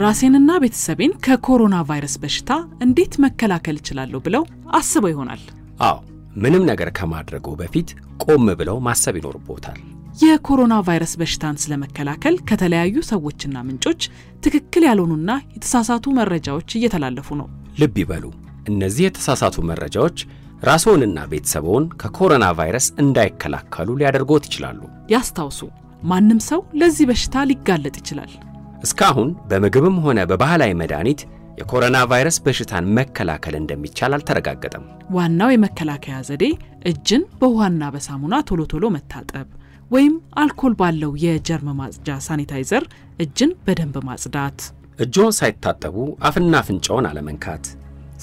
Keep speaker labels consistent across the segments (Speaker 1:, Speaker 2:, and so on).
Speaker 1: ራሴንና ቤተሰቤን ከኮሮና ቫይረስ በሽታ እንዴት መከላከል እችላለሁ ብለው አስበው ይሆናል።
Speaker 2: አዎ፣ ምንም ነገር ከማድረጉ በፊት ቆም ብለው ማሰብ ይኖርቦታል።
Speaker 1: የኮሮና ቫይረስ በሽታን ስለመከላከል ከተለያዩ ሰዎችና ምንጮች ትክክል ያልሆኑና የተሳሳቱ መረጃዎች እየተላለፉ ነው።
Speaker 2: ልብ ይበሉ፣ እነዚህ የተሳሳቱ መረጃዎች ራስዎንና ቤተሰብዎን ከኮሮና ቫይረስ እንዳይከላከሉ ሊያደርጎት ይችላሉ።
Speaker 1: ያስታውሱ፣ ማንም ሰው ለዚህ በሽታ ሊጋለጥ ይችላል።
Speaker 2: እስካሁን በምግብም ሆነ በባህላዊ መድኃኒት የኮሮና ቫይረስ በሽታን መከላከል እንደሚቻል አልተረጋገጠም።
Speaker 1: ዋናው የመከላከያ ዘዴ እጅን በውሃና በሳሙና ቶሎ ቶሎ መታጠብ ወይም አልኮል ባለው የጀርም ማጽጃ ሳኒታይዘር እጅን በደንብ ማጽዳት፣
Speaker 2: እጆን ሳይታጠቡ አፍና አፍንጫውን አለመንካት፣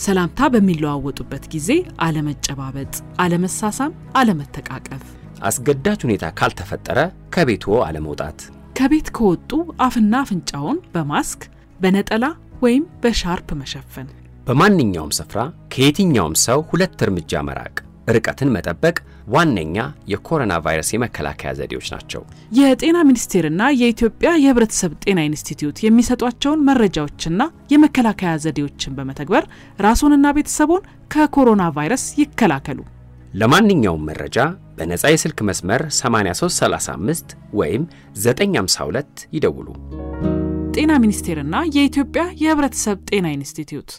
Speaker 1: ሰላምታ በሚለዋወጡበት ጊዜ አለመጨባበጥ፣ አለመሳሳም፣ አለመተቃቀፍ፣
Speaker 2: አስገዳጅ ሁኔታ ካልተፈጠረ ከቤትዎ አለመውጣት
Speaker 1: ከቤት ከወጡ አፍና አፍንጫውን በማስክ በነጠላ ወይም በሻርፕ መሸፈን፣
Speaker 2: በማንኛውም ስፍራ ከየትኛውም ሰው ሁለት እርምጃ መራቅ፣ ርቀትን መጠበቅ ዋነኛ የኮሮና ቫይረስ የመከላከያ ዘዴዎች ናቸው።
Speaker 1: የጤና ሚኒስቴርና የኢትዮጵያ የሕብረተሰብ ጤና ኢንስቲትዩት የሚሰጧቸውን መረጃዎችና የመከላከያ ዘዴዎችን በመተግበር ራስዎንና ቤተሰቦን ከኮሮና ቫይረስ ይከላከሉ።
Speaker 2: ለማንኛውም መረጃ በነፃ የስልክ መስመር 8335 ወይም 952 ይደውሉ።
Speaker 1: ጤና ሚኒስቴርና የኢትዮጵያ የሕብረተሰብ ጤና ኢንስቲትዩት